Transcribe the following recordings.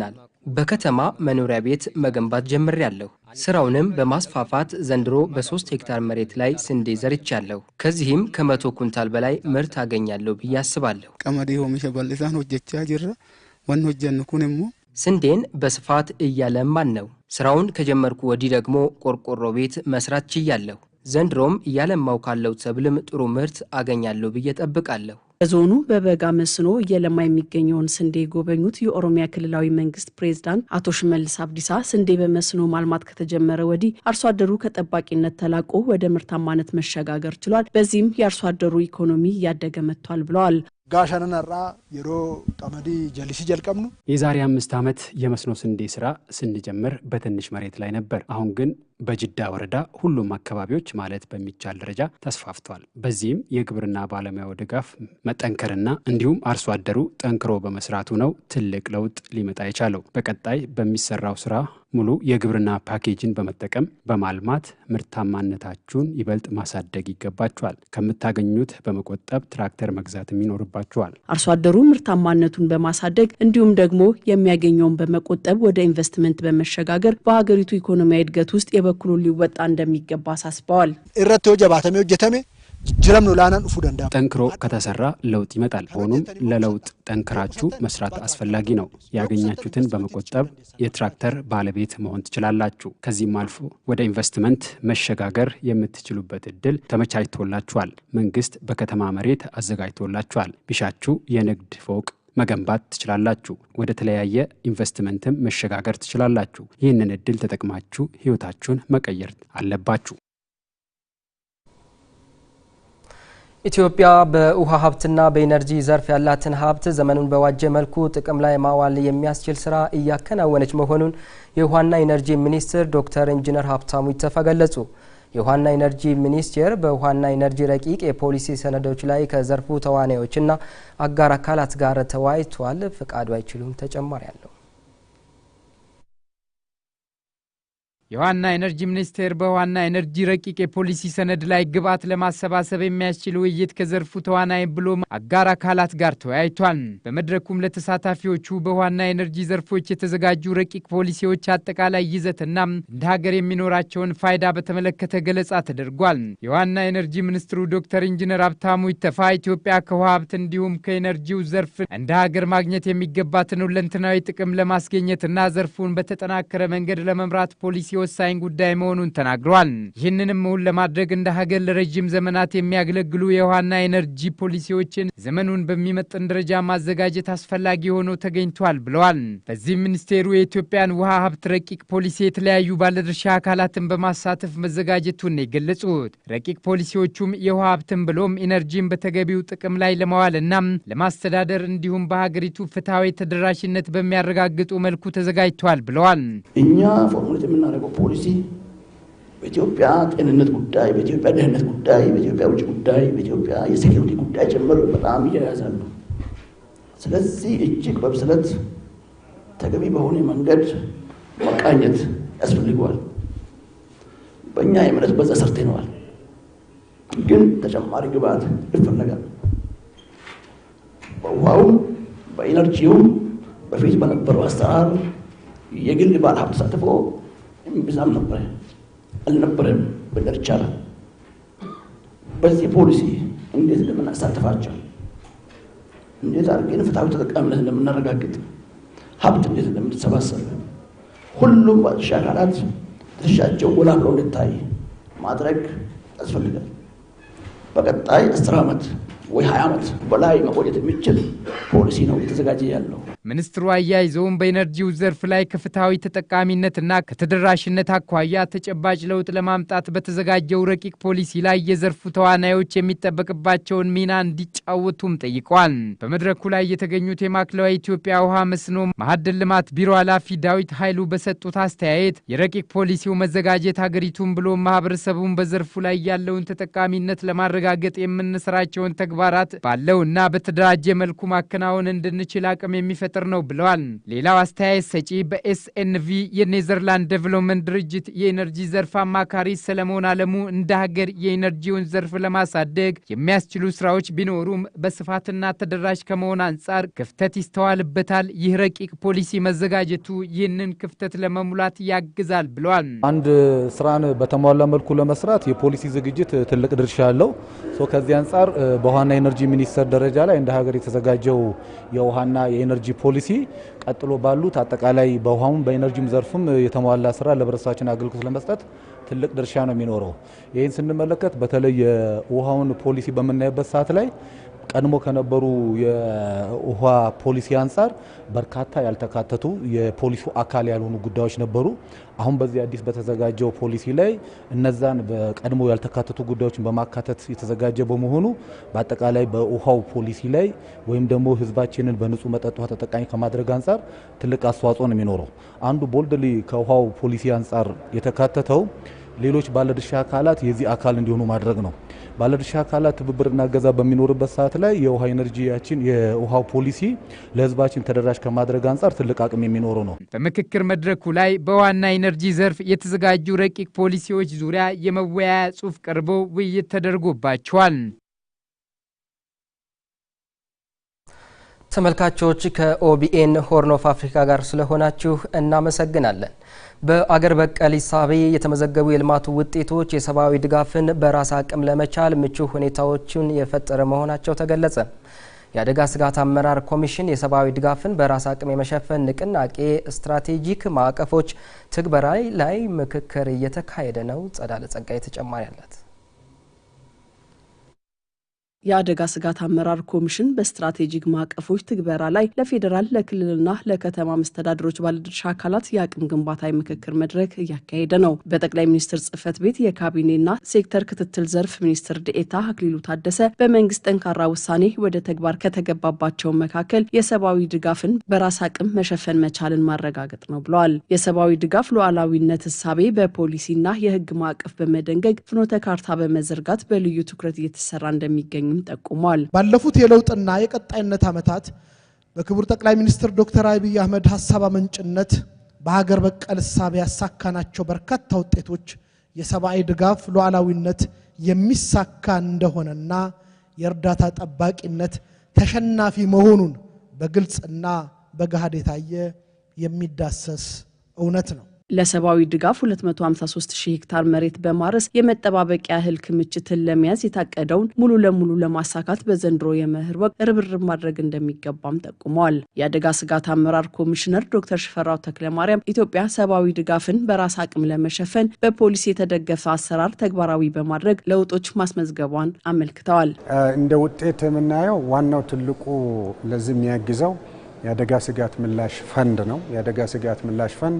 ናል። በከተማ መኖሪያ ቤት መገንባት ጀምሬያለሁ። ስራውንም በማስፋፋት ዘንድሮ በሶስት ሄክታር መሬት ላይ ስንዴ ዘርቻለሁ። ከዚህም ከመቶ ኩንታል በላይ ምርት አገኛለሁ ብዬ አስባለሁ። ቀመዴ ሆሚሸ ባልሳን ሆጀቻ ጅራ ወን ሆጀን ሞ ስንዴን በስፋት እያለማን ነው። ስራውን ከጀመርኩ ወዲህ ደግሞ ቆርቆሮ ቤት መስራት ችያለሁ። ዘንድሮም እያለማው ካለው ሰብልም ጥሩ ምርት አገኛለሁ ብዬ ጠብቃለሁ። በዞኑ በበጋ መስኖ እየለማ የሚገኘውን ስንዴ የጎበኙት የኦሮሚያ ክልላዊ መንግስት ፕሬዝዳንት አቶ ሽመልስ አብዲሳ ስንዴ በመስኖ ማልማት ከተጀመረ ወዲህ አርሶ አደሩ ከጠባቂነት ተላቆ ወደ ምርታማነት መሸጋገር ችሏል፣ በዚህም የአርሶ አደሩ ኢኮኖሚ እያደገ መጥቷል ብለዋል። ጋሸነን ራ የሮ ጠመዲ ጀልሲ ጀልቀምኑ የዛሬ አምስት ዓመት የመስኖ ስንዴ ስራ ስንጀምር በትንሽ መሬት ላይ ነበር። አሁን ግን በጅዳ ወረዳ ሁሉም አካባቢዎች ማለት በሚቻል ደረጃ ተስፋፍቷል። በዚህም የግብርና ባለሙያው ድጋፍ መጠንከርና እንዲሁም አርሶ አደሩ ጠንክሮ በመስራቱ ነው ትልቅ ለውጥ ሊመጣ የቻለው። በቀጣይ በሚሰራው ስራ ሙሉ የግብርና ፓኬጅን በመጠቀም በማልማት ምርታማነታችሁን ይበልጥ ማሳደግ ይገባችኋል። ከምታገኙት በመቆጠብ ትራክተር መግዛትም ይኖርባችኋል። አርሶ አደሩ ምርታማነቱን በማሳደግ እንዲሁም ደግሞ የሚያገኘውን በመቆጠብ ወደ ኢንቨስትመንት በመሸጋገር በሀገሪቱ ኢኮኖሚያዊ እድገት ውስጥ የበኩሉን ሊወጣ እንደሚገባ አሳስበዋል። ነው ላናን ፉ ደንዳ ጠንክሮ ከተሰራ ለውጥ ይመጣል። ሆኖም ለለውጥ ጠንክራችሁ መስራት አስፈላጊ ነው። ያገኛችሁትን በመቆጠብ የትራክተር ባለቤት መሆን ትችላላችሁ። ከዚህም አልፎ ወደ ኢንቨስትመንት መሸጋገር የምትችሉበት እድል ተመቻችቶላችኋል። መንግስት በከተማ መሬት አዘጋጅቶላችኋል። ቢሻችሁ የንግድ ፎቅ መገንባት ትችላላችሁ። ወደ ተለያየ ኢንቨስትመንትም መሸጋገር ትችላላችሁ። ይህንን እድል ተጠቅማችሁ ህይወታችሁን መቀየር አለባችሁ። ኢትዮጵያ በውሃ ሀብትና በኢነርጂ ዘርፍ ያላትን ሀብት ዘመኑን በዋጀ መልኩ ጥቅም ላይ ማዋል የሚያስችል ስራ እያከናወነች መሆኑን የውሃና ኢነርጂ ሚኒስትር ዶክተር ኢንጂነር ሀብታሙ ይተፋ ገለጹ። የውሃና ኢነርጂ ሚኒስቴር በውሃና ኢነርጂ ረቂቅ የፖሊሲ ሰነዶች ላይ ከዘርፉ ተዋናዮችና አጋር አካላት ጋር ተወያይቷል። ፍቃዱ አይችሉም ተጨማሪ አለው የዋና ኤነርጂ ሚኒስቴር በዋና ኤነርጂ ረቂቅ የፖሊሲ ሰነድ ላይ ግብዓት ለማሰባሰብ የሚያስችል ውይይት ከዘርፉ ተዋናይ ብሎ አጋር አካላት ጋር ተወያይቷል። በመድረኩም ለተሳታፊዎቹ በዋና ኤነርጂ ዘርፎች የተዘጋጁ ረቂቅ ፖሊሲዎች አጠቃላይ ይዘትና እንደ ሀገር የሚኖራቸውን ፋይዳ በተመለከተ ገለጻ ተደርጓል። የዋና ኤነርጂ ሚኒስትሩ ዶክተር ኢንጂነር ሀብታሙ ኢተፋ ኢትዮጵያ ከውሃ ሀብት እንዲሁም ከኤነርጂው ዘርፍ እንደ ሀገር ማግኘት የሚገባትን ሁለንትናዊ ጥቅም ለማስገኘትና ዘርፉን በተጠናከረ መንገድ ለመምራት ፖሊሲ ወሳኝ ጉዳይ መሆኑን ተናግረዋል። ይህንንም እውን ለማድረግ እንደ ሀገር ለረዥም ዘመናት የሚያገለግሉ የውሃና ኤነርጂ ፖሊሲዎችን ዘመኑን በሚመጥን ደረጃ ማዘጋጀት አስፈላጊ ሆኖ ተገኝቷል ብለዋል። በዚህም ሚኒስቴሩ የኢትዮጵያን ውሃ ሀብት ረቂቅ ፖሊሲ የተለያዩ ባለድርሻ አካላትን በማሳተፍ መዘጋጀቱን የገለጹት ረቂቅ ፖሊሲዎቹም የውሃ ሀብትን ብሎም ኢነርጂን በተገቢው ጥቅም ላይ ለማዋል ለማዋልና ለማስተዳደር እንዲሁም በሀገሪቱ ፍትሐዊ ተደራሽነት በሚያረጋግጡ መልኩ ተዘጋጅተዋል ብለዋል። እኛ ፎርሙሌት የምናደርገው ፖሊሲ በኢትዮጵያ ጤንነት ጉዳይ፣ በኢትዮጵያ ደህንነት ጉዳይ፣ በኢትዮጵያ ውጭ ጉዳይ፣ በኢትዮጵያ የሴኪሪቲ ጉዳይ ጭምር በጣም ይያያዛሉ። ስለዚህ እጅግ በብስለት ተገቢ በሆነ መንገድ መቃኘት ያስፈልገዋል። በእኛ የእምነት በዛ ሰርተነዋል፣ ግን ተጨማሪ ግብዓት ይፈለጋል። በውሃውም በኢነርጂውም በፊት በነበረው አሰራር የግል ባለሀብት ተሳትፎ ብዛም ነበረ አልነበረም ብንል ይቻላል። በዚህ ፖሊሲ እንዴት እንደምናሳተፋቸው፣ እንዴት አድርገን ፍትሐዊ ተጠቃሚነት እንደምናረጋግጥ፣ ሀብት እንዴት እንደምንሰባሰብ ሁሉም ባለድርሻ አካላት ድርሻቸው ጎላ ብሎ እንድታይ ማድረግ ያስፈልጋል። በቀጣይ አስር ዓመት ወይ ሀያ ዓመት በላይ መቆየት የሚችል ፖሊሲ ነው እየተዘጋጀ ያለው። ሚኒስትሩ አያይዘውም በኤነርጂው ዘርፍ ላይ ከፍትሐዊ ተጠቃሚነትና ከተደራሽነት አኳያ ተጨባጭ ለውጥ ለማምጣት በተዘጋጀው ረቂቅ ፖሊሲ ላይ የዘርፉ ተዋናዮች የሚጠበቅባቸውን ሚና እንዲጫወቱም ጠይቋል። በመድረኩ ላይ የተገኙት የማዕከላዊ ኢትዮጵያ ውሃ መስኖ ማዕድን ልማት ቢሮ ኃላፊ ዳዊት ኃይሉ በሰጡት አስተያየት የረቂቅ ፖሊሲው መዘጋጀት ሀገሪቱን ብሎ ማህበረሰቡን በዘርፉ ላይ ያለውን ተጠቃሚነት ለማረጋገጥ የምንሰራቸውን ተግባራት ባለውና በተደራጀ መልኩ ማከናወን እንድንችል አቅም የሚፈ የሚፈጥር ነው ብለዋል። ሌላው አስተያየት ሰጪ በኤስኤንቪ የኔዘርላንድ ዴቨሎፕመንት ድርጅት የኤነርጂ ዘርፍ አማካሪ ሰለሞን አለሙ እንደ ሀገር የኤነርጂውን ዘርፍ ለማሳደግ የሚያስችሉ ስራዎች ቢኖሩም በስፋትና ተደራሽ ከመሆን አንጻር ክፍተት ይስተዋልበታል። ይህ ረቂቅ ፖሊሲ መዘጋጀቱ ይህንን ክፍተት ለመሙላት ያግዛል ብለዋል። አንድ ስራን በተሟላ መልኩ ለመስራት የፖሊሲ ዝግጅት ትልቅ ድርሻ አለው። ከዚህ አንጻር በውሃና ኤነርጂ ሚኒስቴር ደረጃ ላይ እንደ ሀገር የተዘጋጀው የውሃና የኤነርጂ ፖሊሲ ቀጥሎ ባሉት አጠቃላይ በውሃውም በኤነርጂም ዘርፍም የተሟላ ስራ ለህብረተሰባችን አገልግሎት ለመስጠት ትልቅ ድርሻ ነው የሚኖረው። ይህን ስንመለከት በተለይ የውሃውን ፖሊሲ በምናይበት ሰዓት ላይ ቀድሞ ከነበሩ የውሃ ፖሊሲ አንጻር በርካታ ያልተካተቱ የፖሊሱ አካል ያልሆኑ ጉዳዮች ነበሩ። አሁን በዚህ አዲስ በተዘጋጀው ፖሊሲ ላይ እነዛን በቀድሞ ያልተካተቱ ጉዳዮችን በማካተት የተዘጋጀ በመሆኑ በአጠቃላይ በውሃው ፖሊሲ ላይ ወይም ደግሞ ህዝባችንን በንጹህ መጠጥ ውሃ ተጠቃሚ ከማድረግ አንጻር ትልቅ አስተዋጽኦ ነው የሚኖረው። አንዱ ቦልድሊ ከውሃው ፖሊሲ አንጻር የተካተተው ሌሎች ባለድርሻ አካላት የዚህ አካል እንዲሆኑ ማድረግ ነው። ባለድርሻ አካላት ትብብርና እገዛ በሚኖርበት ሰዓት ላይ የውሃ ኤነርጂያችን የውሃው ፖሊሲ ለህዝባችን ተደራሽ ከማድረግ አንጻር ትልቅ አቅም የሚኖረው ነው። በምክክር መድረኩ ላይ በዋና ኤነርጂ ዘርፍ የተዘጋጁ ረቂቅ ፖሊሲዎች ዙሪያ የመወያያ ጽሑፍ ቀርቦ ውይይት ተደርጎባቸዋል። ተመልካቾች ከኦቢኤን ሆርን ኦፍ አፍሪካ ጋር ስለሆናችሁ እናመሰግናለን። በአገር በቀል ሂሳቤ የተመዘገቡ የልማቱ ውጤቶች የሰብአዊ ድጋፍን በራስ አቅም ለመቻል ምቹ ሁኔታዎችን የፈጠረ መሆናቸው ተገለጸ። የአደጋ ስጋት አመራር ኮሚሽን የሰብአዊ ድጋፍን በራስ አቅም የመሸፈን ንቅናቄ ስትራቴጂክ ማዕቀፎች ትግበራ ላይ ምክክር እየተካሄደ ነው። ጸዳለ ጸጋይ ተጨማሪ አላት። የአደጋ ስጋት አመራር ኮሚሽን በስትራቴጂክ ማዕቀፎች ትግበራ ላይ ለፌዴራል ለክልልና ለከተማ መስተዳድሮች ባለድርሻ አካላት የአቅም ግንባታ የምክክር መድረክ እያካሄደ ነው። በጠቅላይ ሚኒስትር ጽህፈት ቤት የካቢኔና ሴክተር ክትትል ዘርፍ ሚኒስትር ዴኤታ አክሊሉ ታደሰ በመንግስት ጠንካራ ውሳኔ ወደ ተግባር ከተገባባቸው መካከል የሰብአዊ ድጋፍን በራስ አቅም መሸፈን መቻልን ማረጋገጥ ነው ብለዋል። የሰብአዊ ድጋፍ ሉዓላዊነት እሳቤ በፖሊሲና የህግ ማዕቀፍ በመደንገግ ፍኖተ ካርታ በመዘርጋት በልዩ ትኩረት እየተሰራ እንደሚገኝ መሆኑንም ጠቁሟል። ባለፉት የለውጥና የቀጣይነት ዓመታት በክቡር ጠቅላይ ሚኒስትር ዶክተር አብይ አህመድ ሀሳብ አመንጭነት በሀገር በቀል እሳቤ ያሳካናቸው በርካታ ውጤቶች የሰብአዊ ድጋፍ ሉዓላዊነት የሚሳካ እንደሆነና የእርዳታ ጠባቂነት ተሸናፊ መሆኑን በግልጽና በገሃድ የታየ የሚዳሰስ እውነት ነው። ለሰብአዊ ድጋፍ 253 ሺህ ሄክታር መሬት በማረስ የመጠባበቂያ እህል ክምችትን ለመያዝ የታቀደውን ሙሉ ለሙሉ ለማሳካት በዘንድሮ የመኸር ወቅት ርብርብ ማድረግ እንደሚገባም ጠቁመዋል። የአደጋ ስጋት አመራር ኮሚሽነር ዶክተር ሽፈራው ተክለማርያም ኢትዮጵያ ሰብአዊ ድጋፍን በራስ አቅም ለመሸፈን በፖሊሲ የተደገፈ አሰራር ተግባራዊ በማድረግ ለውጦች ማስመዝገቧን አመልክተዋል። እንደ ውጤት የምናየው ዋናው ትልቁ ለዚህ የሚያግዘው የአደጋ ስጋት ምላሽ ፈንድ ነው። የአደጋ ስጋት ምላሽ ፈንድ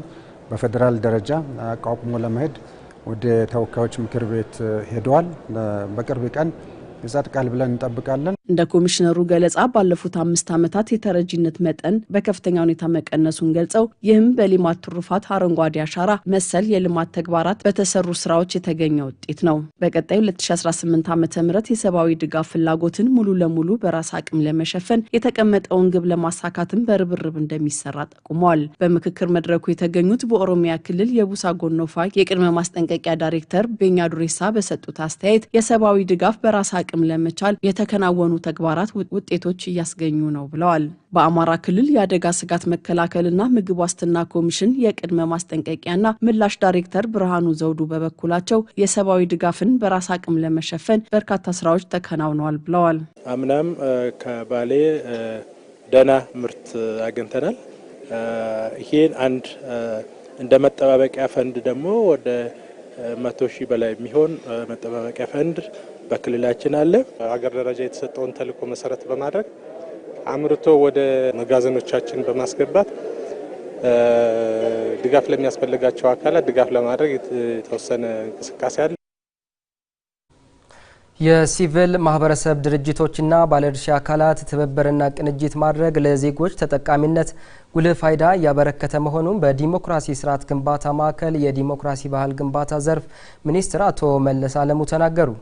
በፌዴራል ደረጃ አቋቁሞ ለመሄድ ወደ ተወካዮች ምክር ቤት ሄደዋል። በቅርብ ቀን ይጸድቃል ብለን እንጠብቃለን። እንደ ኮሚሽነሩ ገለጻ ባለፉት አምስት ዓመታት የተረጂነት መጠን በከፍተኛ ሁኔታ መቀነሱን ገልጸው ይህም በሌማት ትሩፋት፣ አረንጓዴ አሻራ መሰል የልማት ተግባራት በተሰሩ ስራዎች የተገኘ ውጤት ነው። በቀጣይ 2018 ዓ ም የሰብአዊ ድጋፍ ፍላጎትን ሙሉ ለሙሉ በራስ አቅም ለመሸፈን የተቀመጠውን ግብ ለማሳካትም በርብርብ እንደሚሰራ ጠቁመዋል። በምክክር መድረኩ የተገኙት በኦሮሚያ ክልል የቡሳ ጎኖፋ የቅድመ ማስጠንቀቂያ ዳይሬክተር ቤኛ ዱሬሳ በሰጡት አስተያየት የሰብአዊ ድጋፍ በራስ አቅም ለመቻል የተከናወኑ ተግባራት ውጤቶች እያስገኙ ነው ብለዋል። በአማራ ክልል የአደጋ ስጋት መከላከልና ምግብ ዋስትና ኮሚሽን የቅድመ ማስጠንቀቂያና ምላሽ ዳይሬክተር ብርሃኑ ዘውዱ በበኩላቸው የሰብአዊ ድጋፍን በራስ አቅም ለመሸፈን በርካታ ስራዎች ተከናውነዋል ብለዋል። አምናም ከባሌ ደህና ምርት አግኝተናል። ይሄን አንድ እንደ መጠባበቂያ ፈንድ ደግሞ ወደ መቶ ሺህ በላይ የሚሆን መጠባበቂያ ፈንድ በክልላችን አለ። አገር ደረጃ የተሰጠውን ተልዕኮ መሰረት በማድረግ አምርቶ ወደ መጋዘኖቻችን በማስገባት ድጋፍ ለሚያስፈልጋቸው አካላት ድጋፍ ለማድረግ የተወሰነ እንቅስቃሴ አለ። የሲቪል ማህበረሰብ ድርጅቶችና ባለድርሻ አካላት ትብብርና ቅንጅት ማድረግ ለዜጎች ተጠቃሚነት ጉልህ ፋይዳ እያበረከተ መሆኑን በዲሞክራሲ ስርዓት ግንባታ ማዕከል የዲሞክራሲ ባህል ግንባታ ዘርፍ ሚኒስትር አቶ መለስ አለሙ ተናገሩ።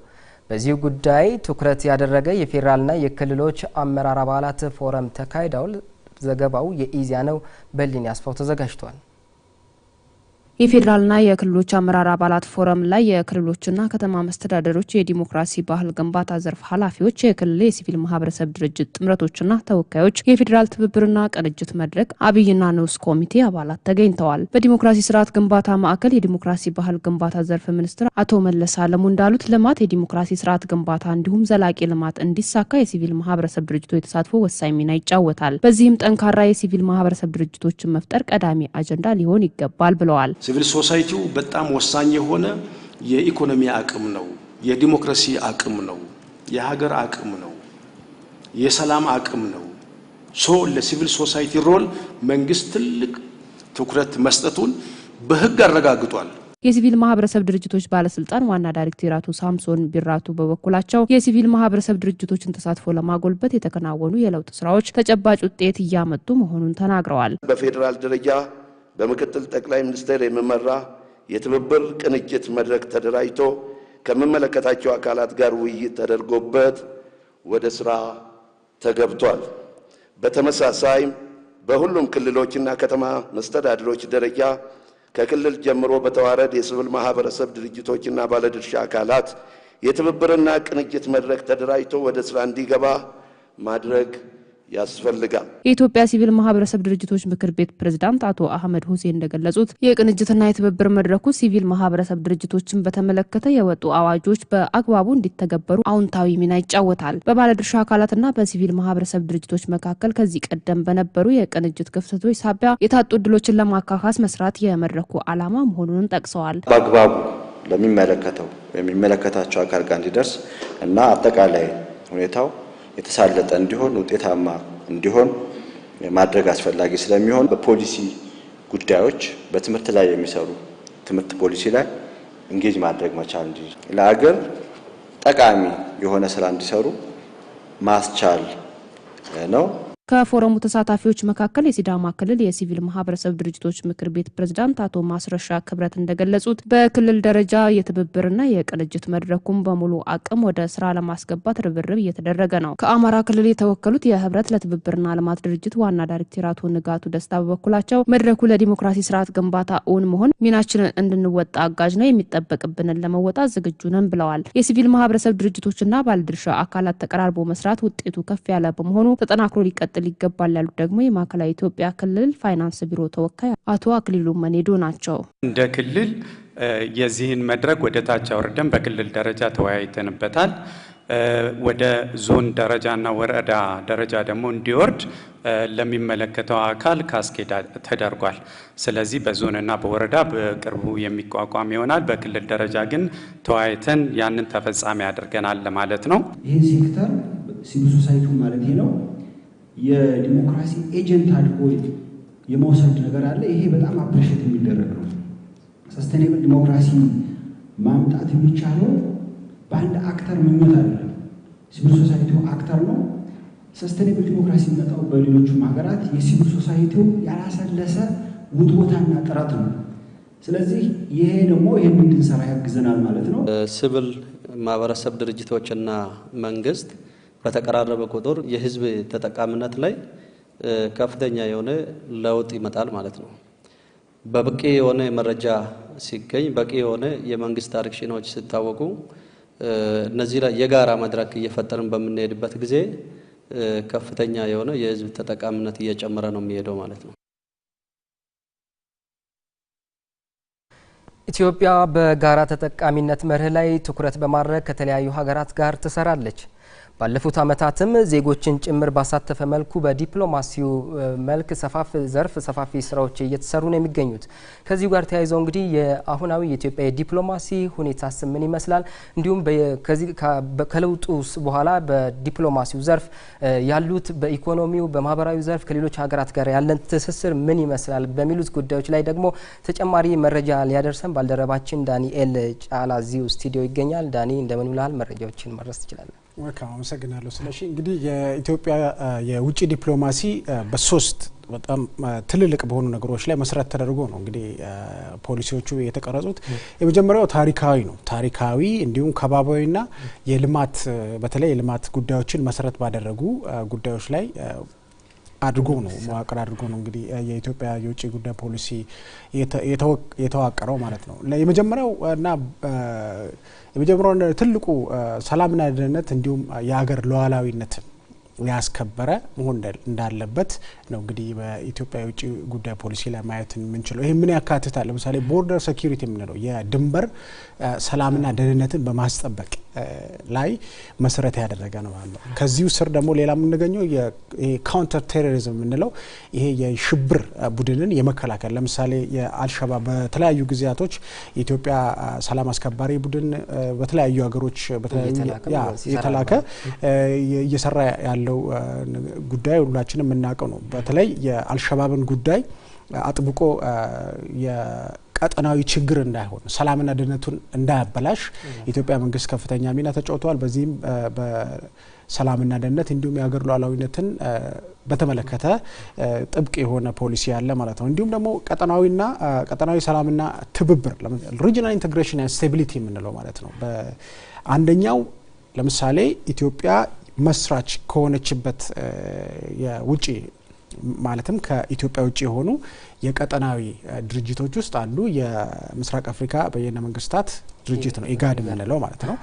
በዚህ ጉዳይ ትኩረት ያደረገ የፌዴራልና የክልሎች አመራር አባላት ፎረም ተካሂደዋል። ዘገባው የኢዜአ ነው። በሊን ያስፋው ተዘጋጅቷል። የፌዴራልና የክልሎች አመራር አባላት ፎረም ላይ የክልሎችና ከተማ መስተዳደሮች የዲሞክራሲ ባህል ግንባታ ዘርፍ ኃላፊዎች፣ የክልል የሲቪል ማህበረሰብ ድርጅት ጥምረቶችና ተወካዮች፣ የፌዴራል ትብብርና ቅንጅት መድረክ አብይና ንዑስ ኮሚቴ አባላት ተገኝተዋል። በዲሞክራሲ ስርዓት ግንባታ ማዕከል የዲሞክራሲ ባህል ግንባታ ዘርፍ ሚኒስትር አቶ መለስ አለሙ እንዳሉት ልማት የዲሞክራሲ ስርዓት ግንባታ እንዲሁም ዘላቂ ልማት እንዲሳካ የሲቪል ማህበረሰብ ድርጅቶች ተሳትፎ ወሳኝ ሚና ይጫወታል። በዚህም ጠንካራ የሲቪል ማህበረሰብ ድርጅቶችን መፍጠር ቀዳሚ አጀንዳ ሊሆን ይገባል ብለዋል። ሲቪል ሶሳይቲው በጣም ወሳኝ የሆነ የኢኮኖሚ አቅም ነው፣ የዲሞክራሲ አቅም ነው፣ የሀገር አቅም ነው፣ የሰላም አቅም ነው። ሶ ለሲቪል ሶሳይቲ ሮል መንግስት ትልቅ ትኩረት መስጠቱን በህግ አረጋግጧል። የሲቪል ማህበረሰብ ድርጅቶች ባለስልጣን ዋና ዳይሬክተር አቶ ሳምሶን ቢራቱ በበኩላቸው የሲቪል ማህበረሰብ ድርጅቶችን ተሳትፎ ለማጎልበት የተከናወኑ የለውጥ ስራዎች ተጨባጭ ውጤት እያመጡ መሆኑን ተናግረዋል። በፌዴራል ደረጃ በምክትል ጠቅላይ ሚኒስትር የሚመራ የትብብር ቅንጅት መድረክ ተደራጅቶ ከሚመለከታቸው አካላት ጋር ውይይት ተደርጎበት ወደ ስራ ተገብቷል። በተመሳሳይም በሁሉም ክልሎችና ከተማ መስተዳድሮች ደረጃ ከክልል ጀምሮ በተዋረድ የሲቪል ማህበረሰብ ድርጅቶችና ባለድርሻ አካላት የትብብርና ቅንጅት መድረክ ተደራጅቶ ወደ ስራ እንዲገባ ማድረግ ያስፈልጋል። የኢትዮጵያ ሲቪል ማህበረሰብ ድርጅቶች ምክር ቤት ፕሬዝዳንት አቶ አህመድ ሁሴን እንደገለጹት የቅንጅትና የትብብር መድረኩ ሲቪል ማህበረሰብ ድርጅቶችን በተመለከተ የወጡ አዋጆች በአግባቡ እንዲተገበሩ አውንታዊ ሚና ይጫወታል። በባለድርሻ አካላትና በሲቪል ማህበረሰብ ድርጅቶች መካከል ከዚህ ቀደም በነበሩ የቅንጅት ክፍተቶች ሳቢያ የታጡ እድሎችን ለማካካስ መስራት የመድረኩ ዓላማ መሆኑን ጠቅሰዋል። በአግባቡ ለሚመለከተው የሚመለከታቸው አካል ጋር እንዲደርስ እና አጠቃላይ ሁኔታው የተሳለጠ እንዲሆን ውጤታማ እንዲሆን ማድረግ አስፈላጊ ስለሚሆን በፖሊሲ ጉዳዮች በትምህርት ላይ የሚሰሩ ትምህርት ፖሊሲ ላይ እንጌጅ ማድረግ መቻል እንዲ ለአገር ጠቃሚ የሆነ ስራ እንዲሰሩ ማስቻል ነው። ከፎረሙ ተሳታፊዎች መካከል የሲዳማ ክልል የሲቪል ማህበረሰብ ድርጅቶች ምክር ቤት ፕሬዝዳንት አቶ ማስረሻ ክብረት እንደገለጹት በክልል ደረጃ የትብብርና የቅንጅት መድረኩን በሙሉ አቅም ወደ ስራ ለማስገባት ርብርብ እየተደረገ ነው። ከአማራ ክልል የተወከሉት የህብረት ለትብብርና ልማት ድርጅት ዋና ዳይሬክተር አቶ ንጋቱ ደስታ በበኩላቸው መድረኩ ለዲሞክራሲ ስርዓት ግንባታ እውን መሆን ሚናችንን እንድንወጣ አጋዥ ነው፣ የሚጠበቅብንን ለመወጣት ዝግጁ ነን ብለዋል። የሲቪል ማህበረሰብ ድርጅቶችና ባለድርሻ አካላት ተቀራርቦ መስራት ውጤቱ ከፍ ያለ በመሆኑ ተጠናክሮ ሊቀጥል ሊቀጥል ይገባል ያሉት ደግሞ የማዕከላዊ ኢትዮጵያ ክልል ፋይናንስ ቢሮ ተወካይ አቶ አክሊሉ መኔዶ ናቸው። እንደ ክልል የዚህን መድረክ ወደ ታች አውርደን በክልል ደረጃ ተወያይተንበታል። ወደ ዞን ደረጃና ወረዳ ደረጃ ደግሞ እንዲወርድ ለሚመለከተው አካል ካስኬድ ተደርጓል። ስለዚህ በዞንና በወረዳ በቅርቡ የሚቋቋም ይሆናል። በክልል ደረጃ ግን ተወያይተን ያንን ተፈጻሚ አድርገናል ማለት ነው። ይህ ሴክተር ሲቪል ሶሳይቲ ማለት ነው የዲሞክራሲ ኤጀንት አድርጎ የመውሰድ ነገር አለ። ይሄ በጣም አፕሬሽት የሚደረግ ነው። ሰስቴኔብል ዲሞክራሲ ማምጣት የሚቻለው በአንድ አክተር ምኞት አይደለም። ሲቪል ሶሳይቲው አክተር ነው። ሰስቴኔብል ዲሞክራሲ የሚመጣው በሌሎቹም ሀገራት የሲቪል ሶሳይቲው ያላሰለሰ ውትወታና ጥረት ነው። ስለዚህ ይሄ ደግሞ ይህን እንድንሰራ ያግዘናል ማለት ነው። ሲቪል ማህበረሰብ ድርጅቶችና መንግስት በተቀራረበ ቁጥር የህዝብ ተጠቃሚነት ላይ ከፍተኛ የሆነ ለውጥ ይመጣል ማለት ነው። በበቂ የሆነ መረጃ ሲገኝ፣ በቂ የሆነ የመንግስት ዳይሬክሽኖች ሲታወቁ፣ እነዚህ ላይ የጋራ መድረክ እየፈጠርን በምንሄድበት ጊዜ ከፍተኛ የሆነ የህዝብ ተጠቃሚነት እየጨመረ ነው የሚሄደው ማለት ነው። ኢትዮጵያ በጋራ ተጠቃሚነት መርህ ላይ ትኩረት በማድረግ ከተለያዩ ሀገራት ጋር ትሰራለች። ባለፉት ዓመታትም ዜጎችን ጭምር ባሳተፈ መልኩ በዲፕሎማሲው መልክ ሰፋፊ ዘርፍ ሰፋፊ ስራዎች እየተሰሩ ነው የሚገኙት። ከዚሁ ጋር ተያይዘው እንግዲህ የአሁናዊ የኢትዮጵያ የዲፕሎማሲ ሁኔታስ ምን ይመስላል፣ እንዲሁም ከለውጡ በኋላ በዲፕሎማሲው ዘርፍ ያሉት በኢኮኖሚው፣ በማህበራዊ ዘርፍ ከሌሎች ሀገራት ጋር ያለን ትስስር ምን ይመስላል በሚሉት ጉዳዮች ላይ ደግሞ ተጨማሪ መረጃ ሊያደርሰን ባልደረባችን ዳንኤል ጫላ እዚሁ ስቱዲዮ ይገኛል። ዳኒ እንደምን ብለሃል? መረጃዎችን መድረስ ትችላለን? አመሰግናለሁ ስለሺ። እንግዲህ የኢትዮጵያ የውጭ ዲፕሎማሲ በሶስት በጣም ትልልቅ በሆኑ ነገሮች ላይ መሰረት ተደርጎ ነው እንግዲህ ፖሊሲዎቹ የተቀረጹት። የመጀመሪያው ታሪካዊ ነው። ታሪካዊ እንዲሁም ከባቢያዊና የልማት በተለይ የልማት ጉዳዮችን መሰረት ባደረጉ ጉዳዮች ላይ አድርጎ ነው መዋቅር አድርጎ ነው እንግዲህ የኢትዮጵያ የውጭ ጉዳይ ፖሊሲ የተዋቀረው ማለት ነው። የመጀመሪያው እና የመጀመሪያው ትልቁ ሰላምና ደህንነት እንዲሁም የሀገር ሉዓላዊነትን ያስከበረ መሆን እንዳለበት ነው። እንግዲህ በኢትዮጵያ የውጭ ጉዳይ ፖሊሲ ለማየት የምንችለው ይህ ምን ያካትታል? ለምሳሌ ቦርደር ሴኪሪቲ የምንለው የድንበር ሰላምና ደህንነትን በማስጠበቅ ላይ መሰረት ያደረገ ነው ማለት ነው። ከዚሁ ስር ደግሞ ሌላ የምንገኘው የካውንተር ቴሮሪዝም የምንለው ይሄ የሽብር ቡድንን የመከላከል ለምሳሌ የአልሸባብ በተለያዩ ጊዜያቶች የኢትዮጵያ ሰላም አስከባሪ ቡድን በተለያዩ ሀገሮች የተላከ እየሰራ ያለው ያለው ጉዳይ ሁላችንም የምናውቀው ነው። በተለይ የአልሸባብን ጉዳይ አጥብቆ ቀጠናዊ ችግር እንዳይሆን ሰላምና ደህንነቱን እንዳያበላሽ የኢትዮጵያ መንግስት ከፍተኛ ሚና ተጫውተዋል። በዚህም በሰላምና ደህንነት እንዲሁም የሀገር ሉዓላዊነትን በተመለከተ ጥብቅ የሆነ ፖሊሲ ያለ ማለት ነው። እንዲሁም ደግሞ ቀጠናዊና ቀጠናዊ ሰላምና ትብብር ሪጂናል ኢንቴግሬሽን ስቴቢሊቲ የምንለው ማለት ነው። አንደኛው ለምሳሌ ኢትዮጵያ መስራች ከሆነችበት የውጭ ማለትም ከኢትዮጵያ ውጭ የሆኑ የቀጠናዊ ድርጅቶች ውስጥ አንዱ የምስራቅ አፍሪካ በየነ መንግስታት ድርጅት ነው፣ ኢጋድ የምንለው ማለት ነው።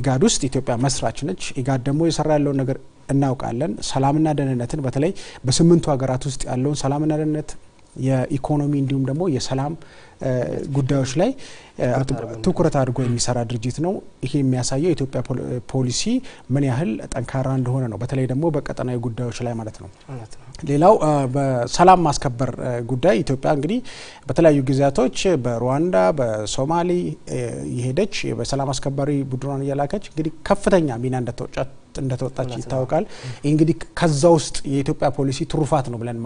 ኢጋድ ውስጥ ኢትዮጵያ መስራች ነች። ኢጋድ ደግሞ የሰራ ያለውን ነገር እናውቃለን። ሰላምና ደህንነትን በተለይ በስምንቱ ሀገራት ውስጥ ያለውን ሰላምና ደህንነት የኢኮኖሚ እንዲሁም ደግሞ የሰላም ጉዳዮች ላይ ትኩረት አድርጎ የሚሰራ ድርጅት ነው። ይሄ የሚያሳየው የኢትዮጵያ ፖሊሲ ምን ያህል ጠንካራ እንደሆነ ነው። በተለይ ደግሞ በቀጠናዊ ጉዳዮች ላይ ማለት ነው። ሌላው በሰላም ማስከበር ጉዳይ ኢትዮጵያ እንግዲህ በተለያዩ ጊዜያቶች በሩዋንዳ፣ በሶማሊ የሄደች በሰላም አስከባሪ ቡድኗን እየላከች እንግዲህ ከፍተኛ ሚና እንደተወጣች ይታወቃል። ይህ እንግዲህ ከዛ ውስጥ የኢትዮጵያ ፖሊሲ ትሩፋት ነው ብለን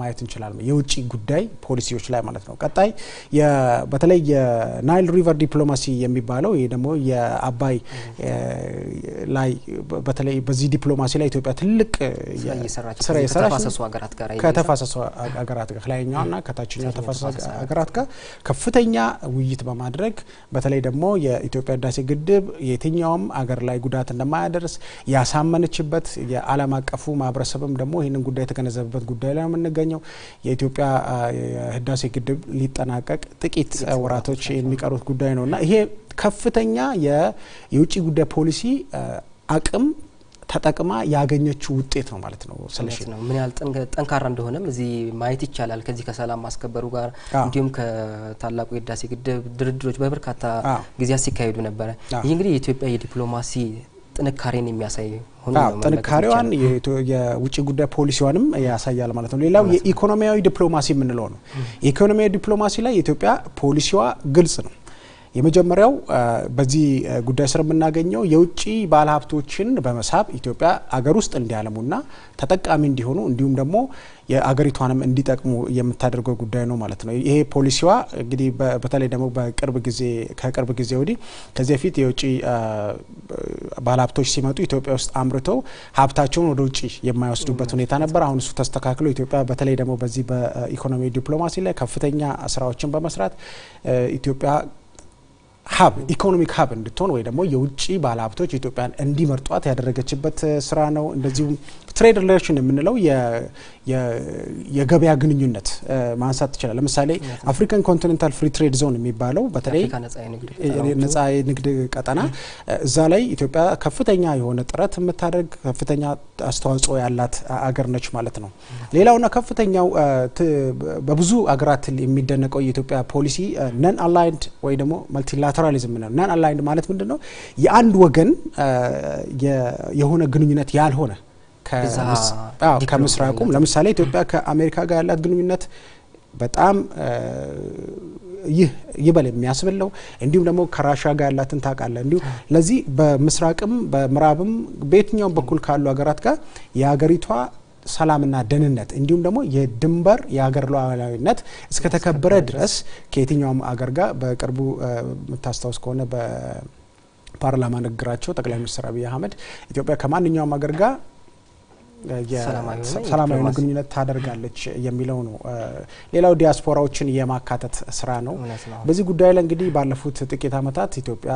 ማየት እንችላለን። የውጭ ጉዳይ ፖሊሲዎች ላይ ማለት ነው። ቀጣይ በተለይ የናይል ሪቨር ዲፕሎማሲ የሚባለው ይህ ደግሞ የአባይ ላይ በተለይ በዚህ ዲፕሎማሲ ላይ ኢትዮጵያ ትልቅ ስራ የሰራች ከተፋሰሱ ሀገራት ጋር ከላይኛውና ከታችኛው ተፋሰሱ ሀገራት ጋር ከፍተኛ ውይይት በማድረግ በተለይ ደግሞ የኢትዮጵያ ህዳሴ ግድብ የትኛውም አገር ላይ ጉዳት እንደማያደርስ ያሳመነችበት የዓለም አቀፉ ማህበረሰብም ደግሞ ይህንን ጉዳይ የተገነዘበበት ጉዳይ ላይ የምንገኘው የኢትዮጵያ ህዳሴ ግድብ ሊጠናቀቅ ጥቂት ወራቶች የሚቀሩት ጉዳይ ነው እና ይሄ ከፍተኛ የውጭ ጉዳይ ፖሊሲ አቅም ተጠቅማ ያገኘችው ውጤት ነው ማለት ነው። ስለሽ ነው ምን ያህል ጠንካራ እንደሆነም እዚህ ማየት ይቻላል። ከዚህ ከሰላም ማስከበሩ ጋር እንዲሁም ከታላቁ የህዳሴ ግድብ ድርድሮች በበርካታ ጊዜያት ሲካሄዱ ነበረ። ይህ እንግዲህ የኢትዮጵያ የዲፕሎማሲ ጥንካሬን የሚያሳይ ጥንካሬዋን የውጭ ጉዳይ ፖሊሲዋንም ያሳያል ማለት ነው። ሌላው የኢኮኖሚያዊ ዲፕሎማሲ የምንለው ነው። የኢኮኖሚያዊ ዲፕሎማሲ ላይ የኢትዮጵያ ፖሊሲዋ ግልጽ ነው። የመጀመሪያው በዚህ ጉዳይ ስር የምናገኘው የውጭ ባለሀብቶችን በመሳብ ኢትዮጵያ አገር ውስጥ እንዲያለሙና ተጠቃሚ እንዲሆኑ እንዲሁም ደግሞ የአገሪቷንም እንዲጠቅሙ የምታደርገው ጉዳይ ነው ማለት ነው። ይሄ ፖሊሲዋ እንግዲህ በተለይ ደግሞ በቅርብ ጊዜ ከቅርብ ጊዜ ወዲህ ከዚህ በፊት የውጭ ባለሀብቶች ሲመጡ ኢትዮጵያ ውስጥ አምርተው ሀብታቸውን ወደ ውጭ የማይወስዱበት ሁኔታ ነበር። አሁን እሱ ተስተካክሎ ኢትዮጵያ በተለይ ደግሞ በዚህ በኢኮኖሚ ዲፕሎማሲ ላይ ከፍተኛ ስራዎችን በመስራት ኢትዮጵያ ሀብ ኢኮኖሚክ ሀብ እንድትሆን ወይ ደግሞ የውጭ ባለሀብቶች ኢትዮጵያን እንዲመርጧት ያደረገችበት ስራ ነው። እንደዚሁም ትሬድ ሪሌሽን የምንለው የገበያ ግንኙነት ማንሳት ትችላል። ለምሳሌ አፍሪካን ኮንቲኔንታል ፍሪ ትሬድ ዞን የሚባለው በተለይ ነጻ የንግድ ቀጠና እዛ ላይ ኢትዮጵያ ከፍተኛ የሆነ ጥረት የምታደርግ ከፍተኛ አስተዋጽኦ ያላት አገር ነች ማለት ነው። ሌላውና ከፍተኛው በብዙ አገራት የሚደነቀው የኢትዮጵያ ፖሊሲ ነን አላይንድ ወይ ደግሞ መልቲላተራሊዝም ነው። ነን አላይንድ ማለት ምንድን ነው? የአንድ ወገን የሆነ ግንኙነት ያልሆነ ከምስራቁም ለምሳሌ ኢትዮጵያ ከአሜሪካ ጋር ያላት ግንኙነት በጣም ይህ ይበል የሚያስብለው እንዲሁም ደግሞ ከራሻ ጋር ያላትን ታውቃለህ። እንዲሁ ለዚህ በምስራቅም በምዕራብም በየትኛውም በኩል ካሉ ሀገራት ጋር የሀገሪቷ ሰላምና ደህንነት እንዲሁም ደግሞ የድንበር የሀገር ሉዓላዊነት እስከተከበረ ድረስ ከየትኛውም አገር ጋር በቅርቡ የምታስታውስ ከሆነ በፓርላማ ንግግራቸው ጠቅላይ ሚኒስትር አብይ አህመድ ኢትዮጵያ ከማንኛውም አገር ጋር ሰላማዊ ግንኙነት ታደርጋለች የሚለው ነው። ሌላው ዲያስፖራዎችን የማካተት ስራ ነው። በዚህ ጉዳይ ላይ እንግዲህ ባለፉት ጥቂት ዓመታት ኢትዮጵያ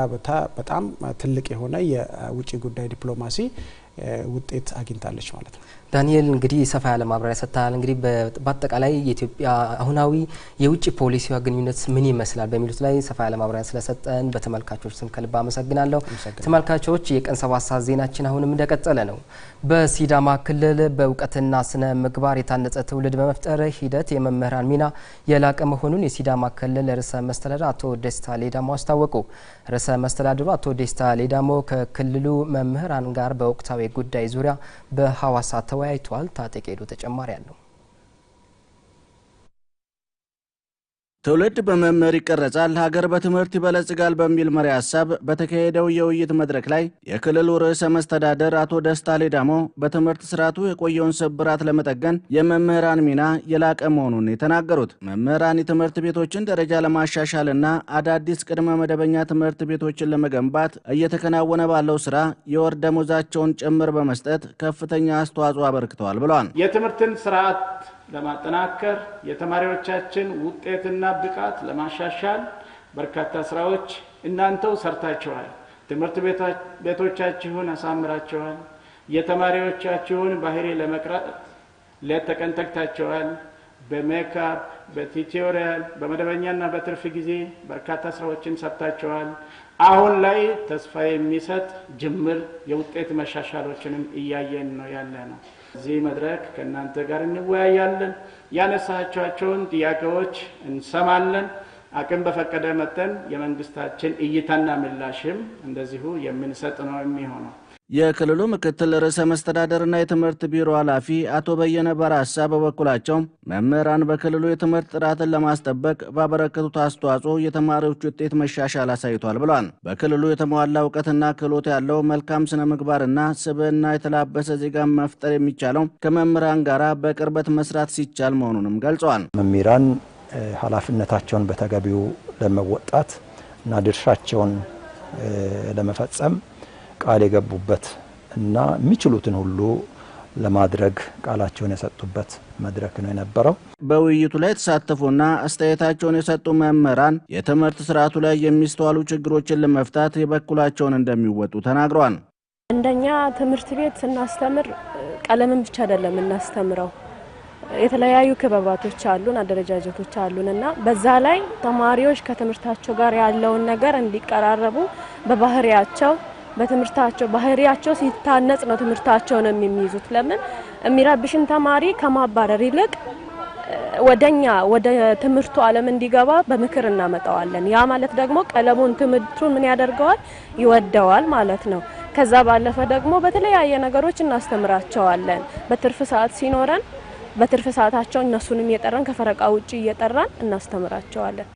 በጣም ትልቅ የሆነ የውጭ ጉዳይ ዲፕሎማሲ ውጤት አግኝታለች ማለት ነው። ዳንኤል እንግዲህ ሰፋ ያለ ማብራሪያ ሰጥተሃል። እንግዲህ በአጠቃላይ የኢትዮጵያ አሁናዊ የውጭ ፖሊሲዋ ግንኙነት ምን ይመስላል በሚሉት ላይ ሰፋ ያለ ማብራሪያ ስለሰጠን በተመልካቾች ስም ከልብ አመሰግናለሁ። ተመልካቾች የቀን ሰባት ሰዓት ዜናችን አሁንም እንደቀጠለ ነው። በሲዳማ ክልል በእውቀትና ስነ ምግባር የታነጸ ትውልድ በመፍጠር ሂደት የመምህራን ሚና የላቀ መሆኑን የሲዳማ ክልል ርዕሰ መስተዳድር አቶ ደስታ ሌዳሞ አስታወቁ። ርዕሰ መስተዳድሩ አቶ ደስታ ሌዳሞ ከክልሉ መምህራን ጋር በወቅታዊ ጉዳይ ዙሪያ በሐዋሳ ተወያይቷል። ታጠቅ ሄዶ ተጨማሪ አለው ትውልድ በመምህር ይቀረጻል፣ ሀገር በትምህርት ይበለጽጋል በሚል መሪ ሀሳብ በተካሄደው የውይይት መድረክ ላይ የክልሉ ርዕሰ መስተዳደር አቶ ደስታ ሌዳሞ በትምህርት ስርዓቱ የቆየውን ስብራት ለመጠገን የመምህራን ሚና የላቀ መሆኑን የተናገሩት መምህራን የትምህርት ቤቶችን ደረጃ ለማሻሻልና አዳዲስ ቅድመ መደበኛ ትምህርት ቤቶችን ለመገንባት እየተከናወነ ባለው ስራ የወር ደሞዛቸውን ጭምር በመስጠት ከፍተኛ አስተዋጽኦ አበርክተዋል ብለዋል። የትምህርትን ስርዓት ለማጠናከር የተማሪዎቻችን ውጤትና ብቃት ለማሻሻል በርካታ ስራዎች እናንተው ሰርታችኋል። ትምህርት ቤቶቻችሁን አሳምራችኋል። የተማሪዎቻችሁን ባህሪ ለመቅረጥ ሌት ተቀን ተግታችኋል። በሜካፕ በቲቶሪያል በመደበኛና በትርፍ ጊዜ በርካታ ስራዎችን ሰርታችኋል። አሁን ላይ ተስፋ የሚሰጥ ጅምር የውጤት መሻሻሎችንም እያየን ነው ያለ ነው። እዚህ መድረክ ከእናንተ ጋር እንወያያለን። ያነሳቸውን ጥያቄዎች እንሰማለን። አቅም በፈቀደ መጠን የመንግስታችን እይታና ምላሽም እንደዚሁ የምንሰጥ ነው የሚሆነው። የክልሉ ምክትል ርዕሰ መስተዳደርና የትምህርት ቢሮ ኃላፊ አቶ በየነ በራሳ በበኩላቸው መምህራን በክልሉ የትምህርት ጥራትን ለማስጠበቅ ባበረከቱት አስተዋጽኦ የተማሪዎች ውጤት መሻሻል አሳይቷል ብሏል። በክልሉ የተሟላ እውቀትና ክህሎት ያለው መልካም ስነ ምግባርና ስብዕና የተላበሰ ዜጋ መፍጠር የሚቻለው ከመምህራን ጋር በቅርበት መስራት ሲቻል መሆኑንም ገልጸዋል። መምህራን ኃላፊነታቸውን በተገቢው ለመወጣት እና ድርሻቸውን ለመፈጸም ቃል የገቡበት እና የሚችሉትን ሁሉ ለማድረግ ቃላቸውን የሰጡበት መድረክ ነው የነበረው። በውይይቱ ላይ የተሳተፉና አስተያየታቸውን የሰጡ መምህራን የትምህርት ስርዓቱ ላይ የሚስተዋሉ ችግሮችን ለመፍታት የበኩላቸውን እንደሚወጡ ተናግረዋል። እንደኛ ትምህርት ቤት ስናስተምር ቀለምን ብቻ አይደለም እናስተምረው፣ የተለያዩ ክበባቶች አሉን፣ አደረጃጀቶች አሉን እና በዛ ላይ ተማሪዎች ከትምህርታቸው ጋር ያለውን ነገር እንዲቀራረቡ በባህሪያቸው በትምህርታቸው ባህሪያቸው ሲታነጽ ነው ትምህርታቸውንም የሚይዙት። ለምን የሚረብሽን ተማሪ ከማባረር ይልቅ ወደኛ ወደ ትምህርቱ ዓለም እንዲገባ በምክር እናመጣዋለን። ያ ማለት ደግሞ ቀለሙን ትምህርቱን ምን ያደርገዋል ይወደዋል ማለት ነው። ከዛ ባለፈ ደግሞ በተለያየ ነገሮች እናስተምራቸዋለን። በትርፍ ሰዓት ሲኖረን በትርፍ ሰዓታቸው እነሱንም እየጠራን ከፈረቃ ውጭ እየጠራን እናስተምራቸዋለን።